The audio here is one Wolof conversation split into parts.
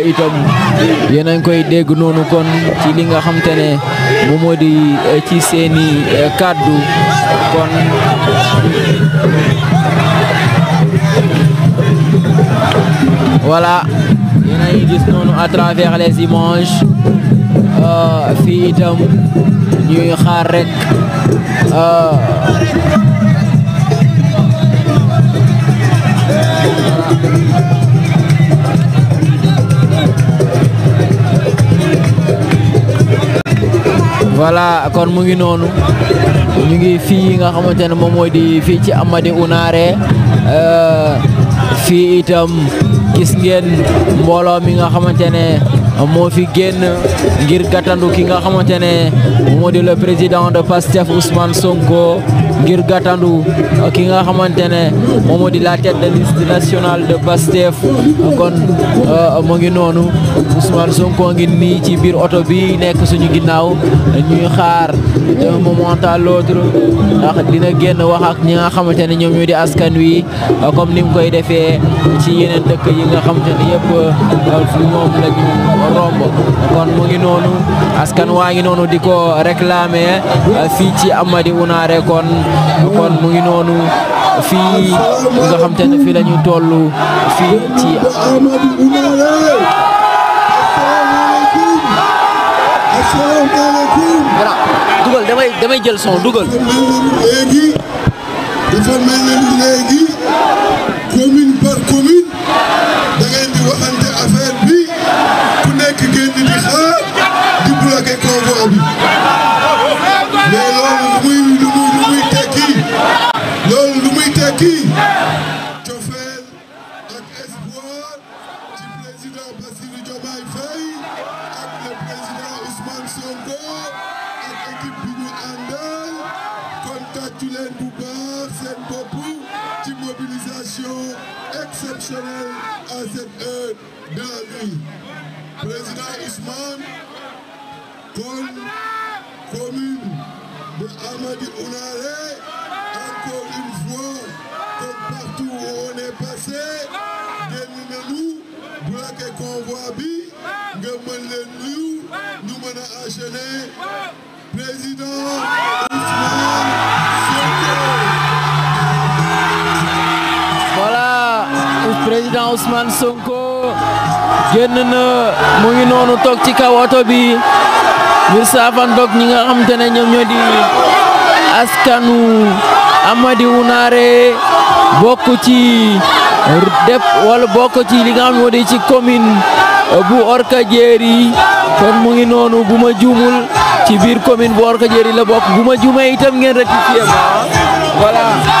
itam yéen koy dégg noonu kon li nga xam ne moo di eh, seeni eh, kàddu kon gis noonu à les images euh, fii itam ñuy xaar rek euh, voilà kon mu ngi noonu mu ngi fii nga xamante ne moom mooy di fii ci Amady Unaare euh, fii itam gis ngeen mbooloo mi nga xamante ne moo fi génn ngir gàttandu ki nga xamante ne moo di le président de Pastef Ousmane Sonko. ngir gàttandu ki nga xamante ne moom moo di la tête de liste nationale de kon euh, mu ngi noonu Ousmane Sonko ngi nii ci biir oto bi nekk suñu ginnaaw ñuy xaar d'un moment à l'autre ndax dina génn wax ak ñi nga xamante ne ñoom ñoo di askan wi comme ni mu koy defee ci yeneen dëkk yi nga xamante ne yëpp euh, moom la ñu làmb kon mu ngi noonu askan waa ngi noonu di ko réclamer euh, fii ci Amady Unaare kon mu ngi noonu fii nga xam te fii la ñu fii ci voilà dugal damay damay jël son dugal. sant leen bu baax seen bopp ci mobilisation exceptionnelle à cette commune de partout on est passé génn nañu bloqué convoi bi nga mën leen nuyu président Ousmane président Ousmane Sonko génn na mu ngi noonu toog ci kaw oto bi ngir saafandoog ñi nga xam te ne ñoom ñoo di askanu Amady Wunaare bokk ci depp wala bokk ci li nga xam moo di ci commune bu Orkadiéré kon mu ngi noonu bu ma juumul ci biir commune bu Orkadiéré la bokk bu ma juumee itam ngeen rectifier voilà.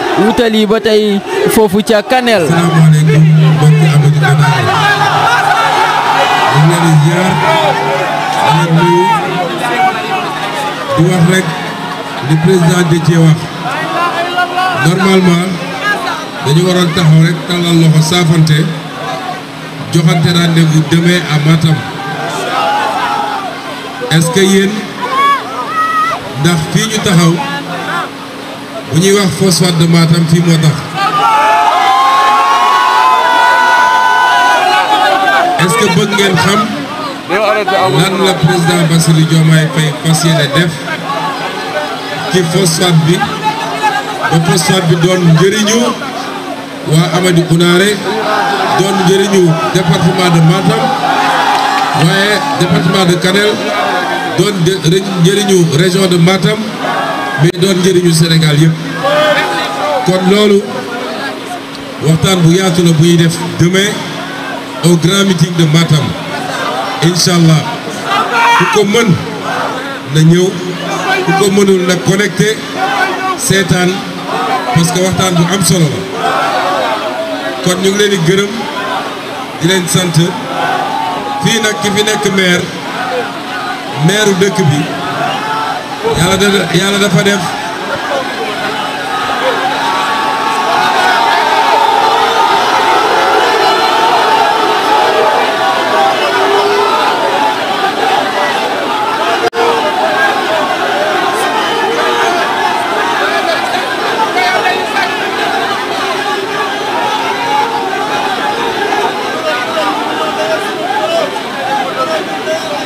yi ba tey foofu ca Kanel. di wax rek di président de ci wax normalement dañu waroon taxaw rek tàllal loxo saafante joxante rendez-vous demain à Matam est-ce ndax fii taxaw bu ñuy wax phosphate de Matam fii moo tax est-ce que bëgg ngeen xam lan la président Bassirou Diomaye Faye fas yéene def ci phosphate bi ba phosphate bi doon njëriñu waa Amady Kounaare doon njëriñu département de Matam waaye département de Kanel doon njëriñu région de Matam bi doon njëriñu senegal yëpp kon loolu waxtaan bu yaatu la bu ñuy def demain au grand meeting de Matam incha allah ku ko mën na ñëw ku ko mënul na connecté seetaan parce waxtaan bu am solo kon ñu ngi leen di gërëm di leen sant fii nag ki fi nekk maire maire dëkk bi. yàlla dafa yàlla dafa def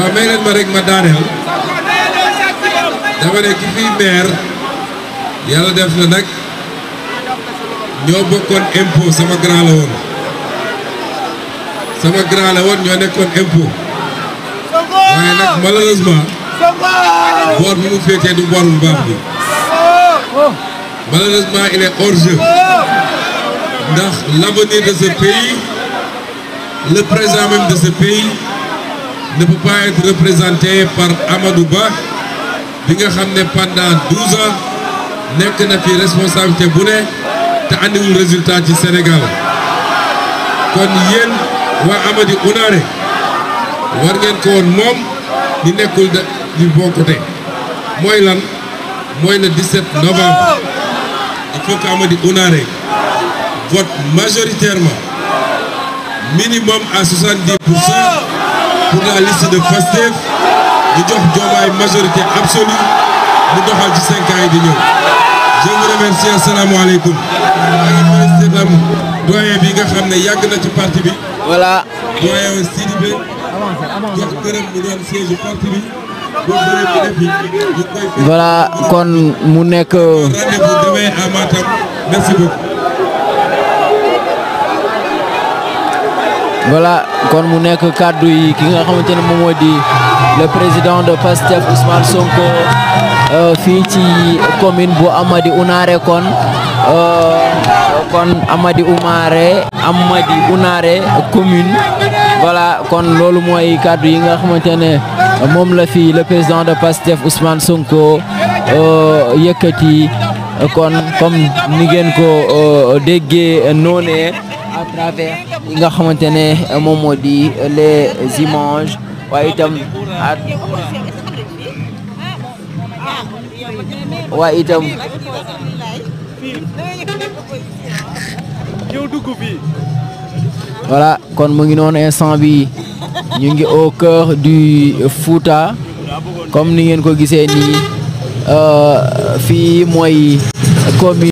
waaw may ma rek ma daaneel dama ne ki fii maire yàlla def na nag ñoo bokkoon impôt sama grand la sama grand ñoo nekkoon impôt waaye nag malheureusement boor bi mu féetee du boor bu baax bi malheureusement il est hors ndax l'avenir de ce pays le présent ne peut pas être représenté par Amadou Ba bi nga xam ne pendant douze ans nekk na fi responsabilité bu ne te andiwul résultat ci Sénégal kon yéen waa Amady Unaare war ngeen ko woon moom ni nekkul de du bon côté mooy lan mooy le 17 novembre il faut que Amady Unaare vote majoritairement minimum à 70 pour cent. journaliste de Pastef di jox Diomaye majorité absolue mu doxal ci cinq ans di ñëw je vous remercie asalaamaaleykum maa ngi félicité bi nga xam ne yàgg na ci parti bi voilà doyen Sidibé jox bi voilà kon mu nekk euh, rendez-vous demain à voilà kon mu nekk kàddu yi ki nga xamante ne moom moo di le président de PASTEF Ousmane Sonko euh, fii ci commune bu Amady Unaare kon euh, kon Amady Umaare Amady Unaare commune wala kon loolu mooy kàddu yi nga xamante ne moom la fii le président de PASTEF Ousmane Sonko euh, yëkkati kon comme ni ngeen ko déggee noonee. à travers li nga xamante ne moom di les images waaye itam waaye itam voilà kon mu ngi noonu instant bi ñu ngi au cœur du Fouta comme ni ngeen ko gisee nii euh, fii mooy